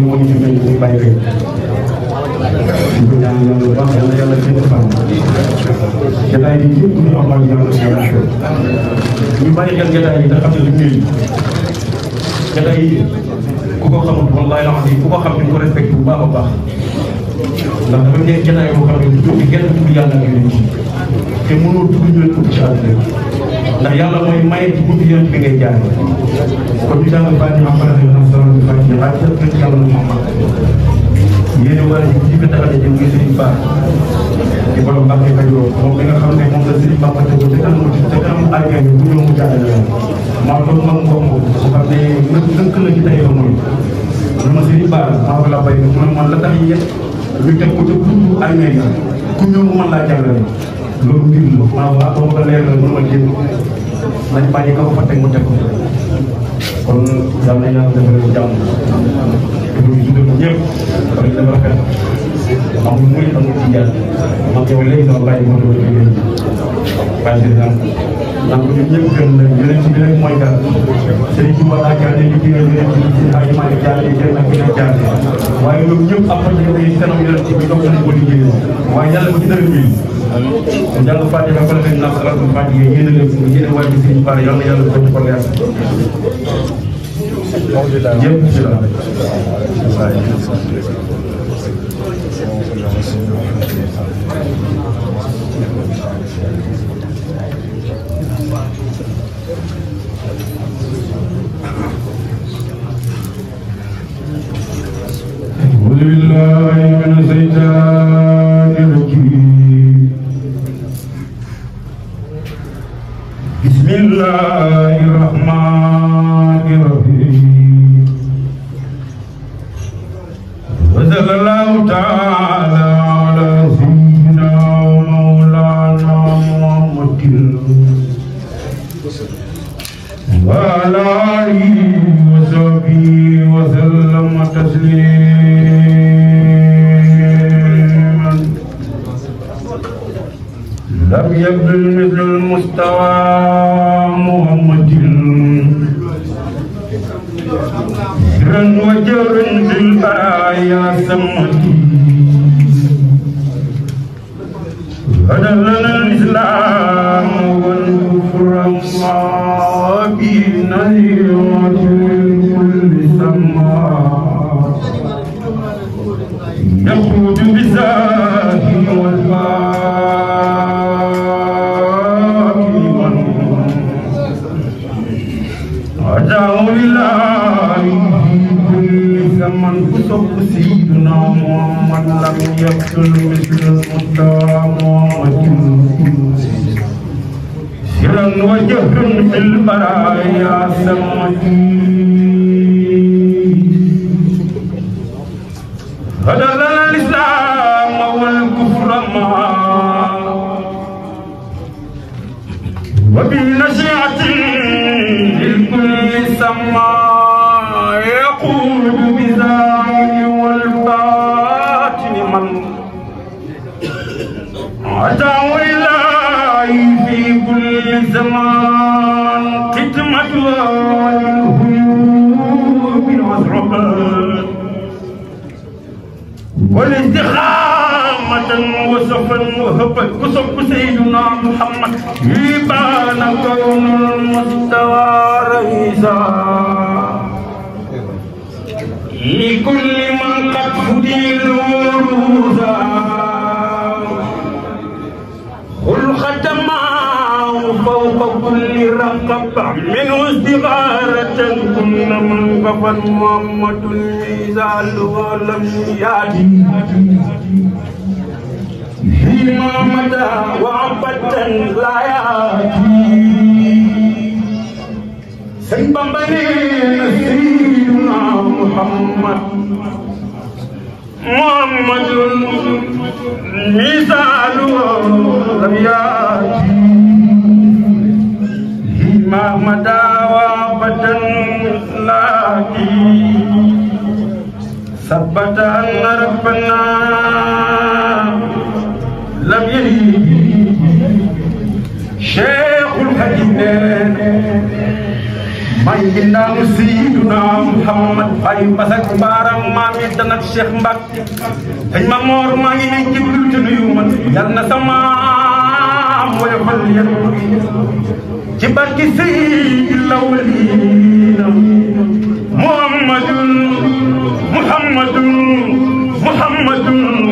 ñu ngi ci mel ni bàyyi rek ñu ñaan yàlla bu baax yàlla yàlla seen fan jotaay bi yëpp ñu amal yàlla yàlla ñu bàyyi xel jotaay yi nga xam ne lu ñuy jotaay yi ku ko xamul wallaay la xam ku ko xam ne ko respecté bu baax a baax ndax dafa nekk jotaay boo xam ne du jóge kenn tudd yàlla nga leen ci te mënoo tudd ñu leen ci àddina ndax yàlla mooy maye ci guddi yonent bi ngay jaar kon ñu jàng Faatiha am na yoo xam ne solo Faatiha waaye ci ëpp yàlla na Muhammad yéen a war a ji ko tax a jëm muy Sëriñ Ba di borom Mbàkke Kajoor moom mi nga xam ne moom la Sëriñ Ba ko tegoo te kanam te kanam àggee bu ñëw mu jàllale yoon maa loolu mag ngoom ko xam ne nëkk na ci tey yoon mooy lu ma Sëriñ Ba maa ko la bay mu ne man la tax yéen ñu teg ko te ku ñëw mën laa jàllale loolu mbir la waaw waaw ba ma ko leer la ma jéem nañ bàyyi ko fa teg mu teg ko kon yàlla na yàlla defal jàmm te du ñu ñëpp dañ leen rafet amul muy amul ci yàlla man yow léegi dama bàyyi ma doon liggéey bàyyi ndax ñun ñëpp gën la yeneen bi rek mooy gàll. Serigne Touba laa jàngee ñu gën a yeneen ci ci ay maay jàngee kenn ak keneen jàngee waaye loolu ñu ngi kanam yeneen ci bi dox nañ ko liggéey waaye yàlla ko ci dërëm bi. kon jàll Fatiha ba pare naa ko laatu Fatiha yéen a leen ko yéen a wàññi suñu baar yàlla محمد سرا وجرا بالبرايا سمتي غدا لنا الاسلام والكفر الصابين من كل سما يخرج يقتل مثل المدام سرا وجهرا بالبرايا سمتي فكسب سيدنا محمد يبان كون المستوى رئيسا لكل من قد هدي نوروزا خلقة فوق كل رقبة منه استغارة كنا من قبل محمد الميزان ولم يأتي إمامة وعبدا لا يأتي سنبا سيدنا محمد محمد مثاله لم يأتي إمامة وعبدا لا يأتي ثبت أن ربنا ginnaaw Seydina Muhammad ay Masak Baaram maam yi dana ak Cheikh Mbacke dañ ma moor maa ngi lay jéggalu te nuyu ma yal na sama woyofal yan ci barki Seydil Awwalina Muhammadun Muhammadun Muhammadun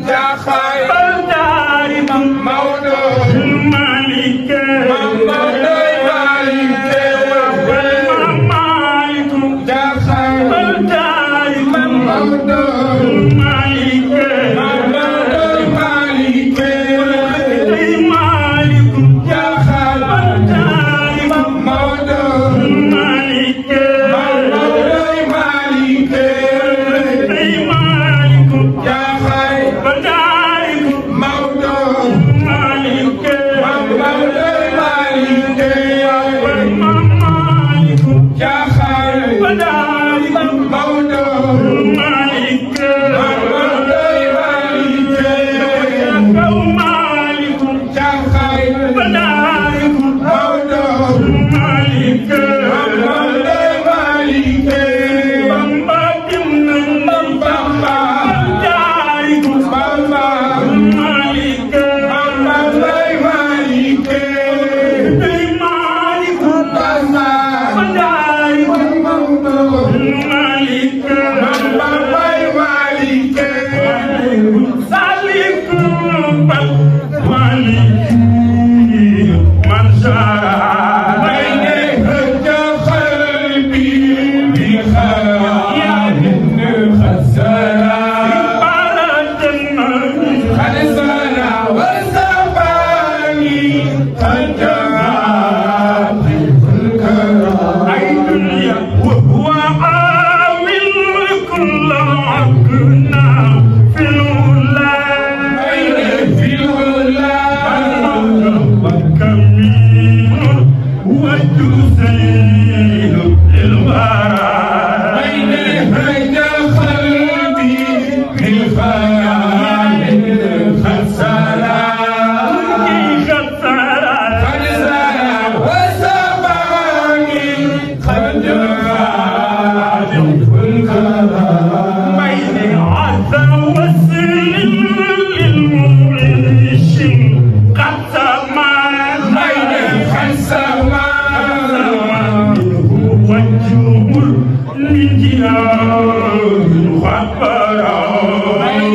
Yeah. قل من جناه خبرا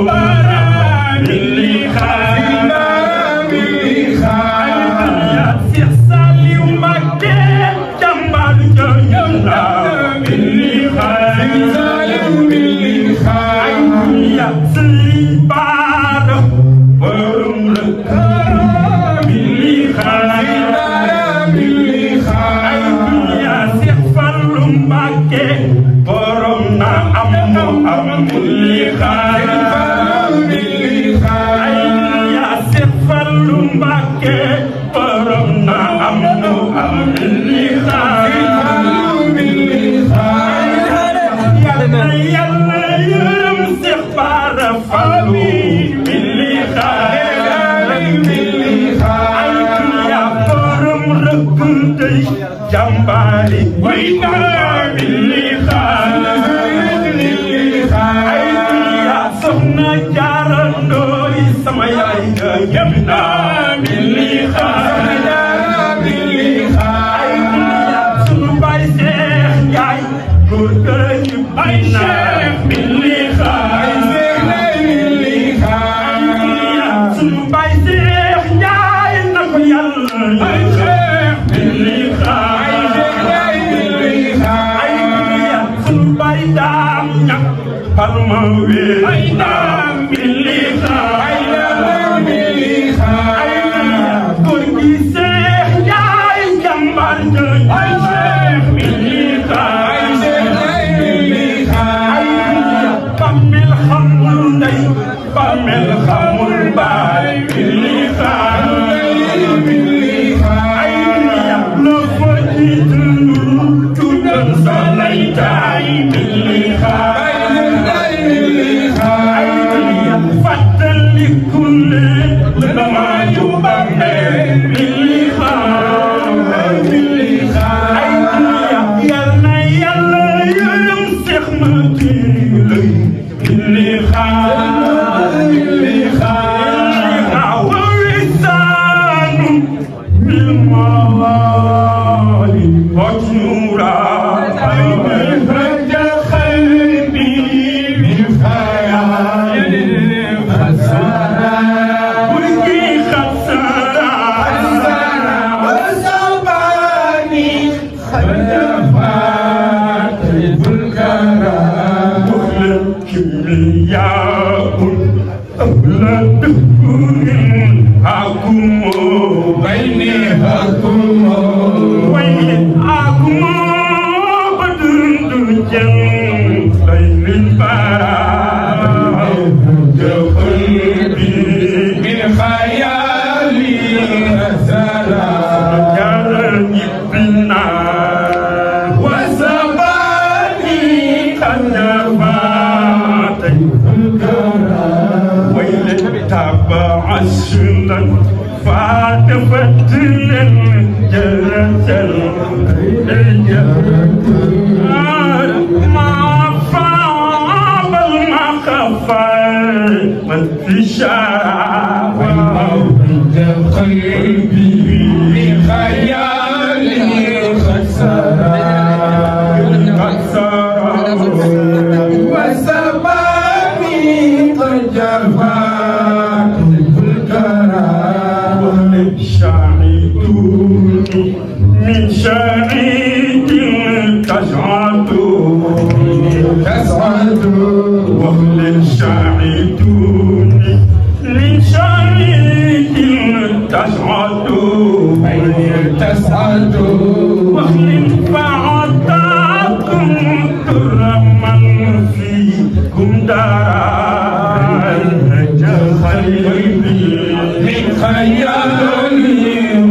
Allah أولى دهور حكم بينها sünden fatı fettinin gelsen eyler ma fa ma ma kafa mentişa ve kalbi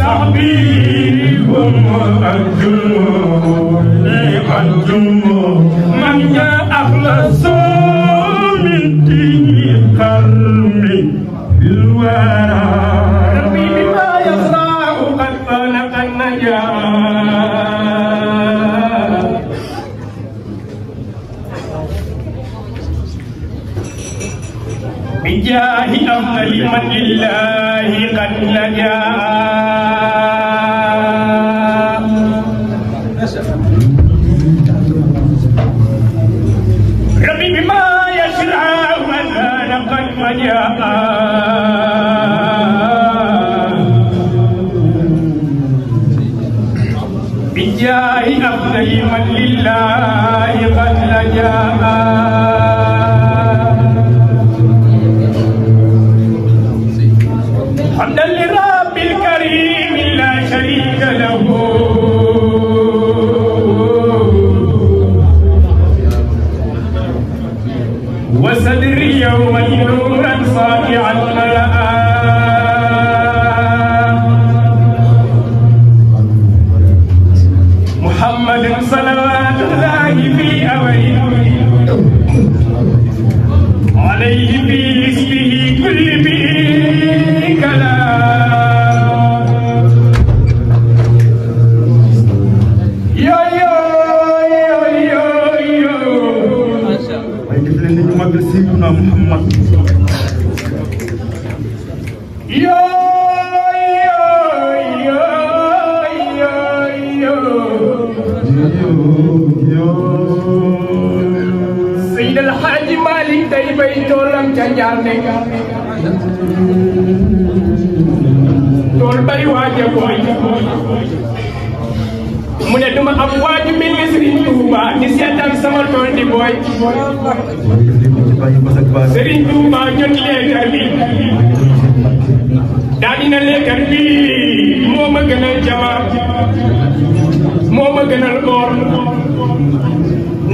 صحبيهم الجمهور نعم الجمهور من أخلص من دين قلبي بالورى ربي بما يصنع قد خلق النجاة بجاه أفضل من لله قد نجاه وصدري يومئذ نورا صافعا ملأ tolong jangan njaarne tool bay waaja booy duma am waaju mel Serigne Touba ni seetaan sama tool di booy Serigne Touba jot leetar bi daa dina leetar bi moo gënal gënal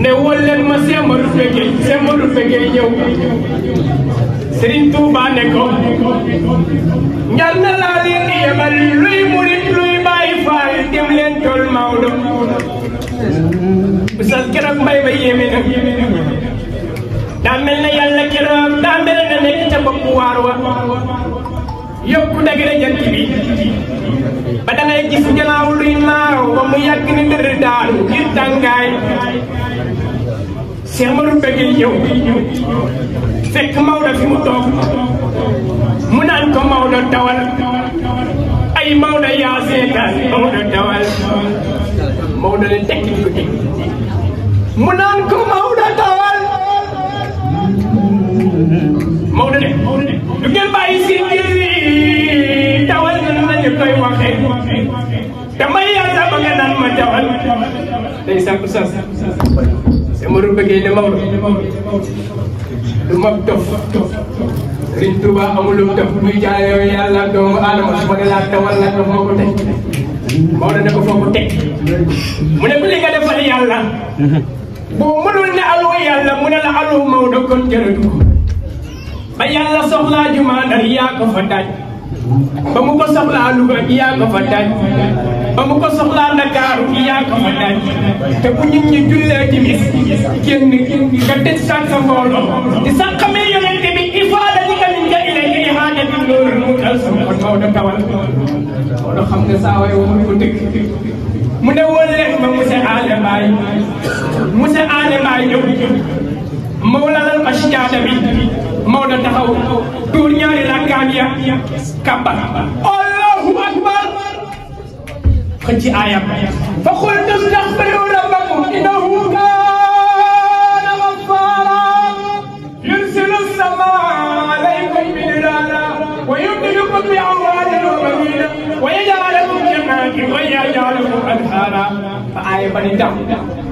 ne wol leen ma Cheikh Modou Fekeye Cheikh Modou Fekeye ñëw Serigne Touba ne ko ñaan na laa leen di yebal luy murit luy bàyyi faal dem leen tool Maodo bisas keroog mbay ba yéeme na daa mel na yàlla keroog daa mel na nekk ca bopp wa yóbbu dagale jant bi ba dangay gis janaaw luy naaw ba mu yàgg ni ndër daanu ngir tàngaay Cheikh Madou Bégué ñëw fekk Maodo fi mu toog mu naan ko Maodo dawal ay Maodo yaa seetaan Maodo dawal Maodo leen mu naan ko Maodo dawal Maodo ne du ngeen bàyyi seen koy waxee damay yàlla ba nga naan ma jawal day sa sas sama ru bëggee du mag dof Sëriñ Tuuba amulum dof muy jaayoo yàlla doomu aadama su ma ne laa tawal la dof moo ko teg Maodo ne ko foo ko de mu ne ku li nga defal yàlla boo mënul ne aloo yàlla mu ne la aloo Maodo jumaa ndax yaa fa daaj ba mu ko soxlaa Louga yaa fa daj ba mu ko soxlaa Ndakaaru yaa fa daj te bu nit ñi jullee timis kenn nga tëj sax sa mbooloo di sax xamee yonente bi il faut la nga ni nga ilayka ihaada bi loolu mu dal sama kon Maodo tawal loolu xam nga saa waay woon ko dëkk mu ne woon leen ma monsieur Allé Mbaye monsieur Allé Mbaye ñëw Mawlana al ashjaada bi Mawla taxaw tuur ñaari rakkaam ya kàbbar allahu akbar xëcc aayam fa qul tastaghfiru rabbakum innahu kaana gaffaara yursilu samaa alaykum midraara wa yumdidukum bi amwaalin wa baniina wa yaj'alakum jannaatin wa yaj'alakum anhaara fa aaya ba ni tax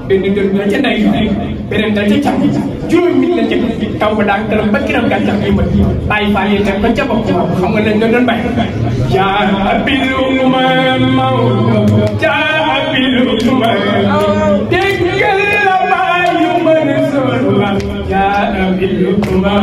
bind gën na ca nay beneen dal ca càmm juróom mi lañ jëkk bi taw ba daal dara ba kiram gàncax gi bët bàyyi faa yee teg ba ca bopp xam nga lañ doon bàyyi jaa biluma maw jaa biluma déggal la bàyyi mën sol la jaa biluma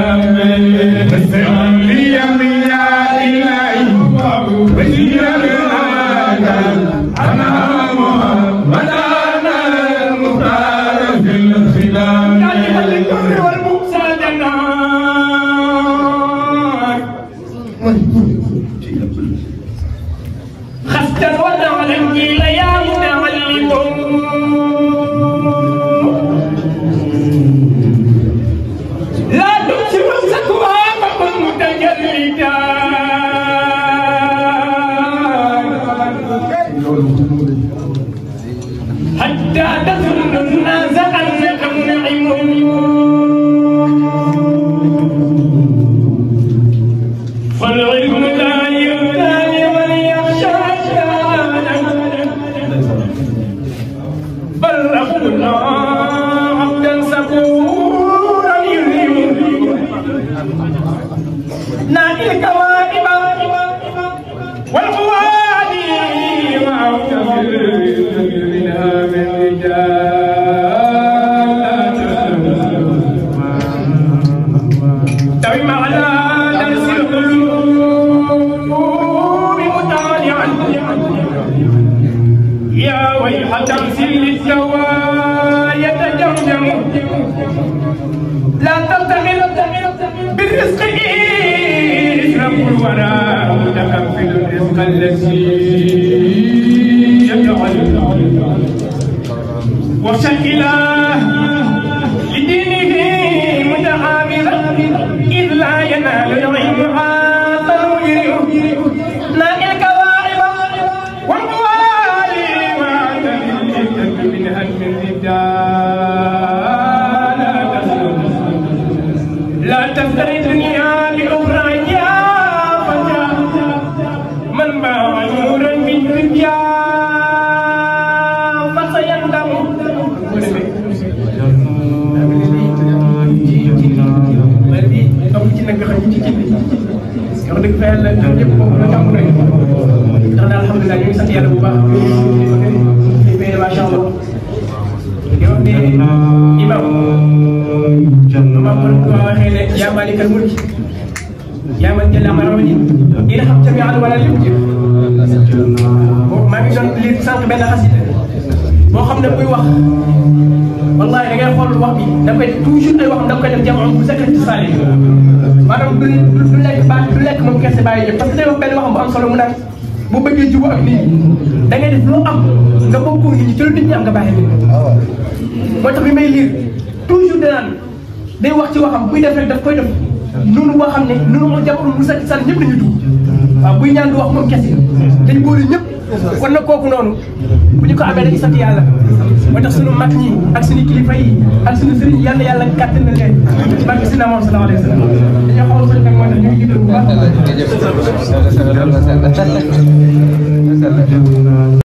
Diego الملك يا من جل مرمني يرحم جميعا ولا يمجد maa ngi doon li sànq benn xasida boo xam ne buy wax wallahi da ngay xool wax bi da koy toujours ay waxam da koy def jamono bu sakkan ci saali maanaam du du lekk ba du lekk moom kese bàyyi yëpp parce que day wax benn waxam bu am solo mu naan bu bëggee jiwu ak nit ñi da ngay def loo am nga bokkoo nit ñi ci lu nit ñi am nga bàyyi nit moo tax bi may liir toujours danaan day wax ci waxam buy def rek daf koy def noonu boo xam ne noonu moom jamono bu sati sar ñëpp dañuy dugg waaw ñaan du wax moom kese dañ boole ñëpp kon nag kooku noonu bu ñu ko amee dañuy sant yàlla moo tax sunu mag ñi ak sunu kilifa yi ak sunu sëriñ yal na yàlla gàttal na si naam sallallahu alayhi wa sallam dañoo xaw a sëñ nag moo tax ñu ngi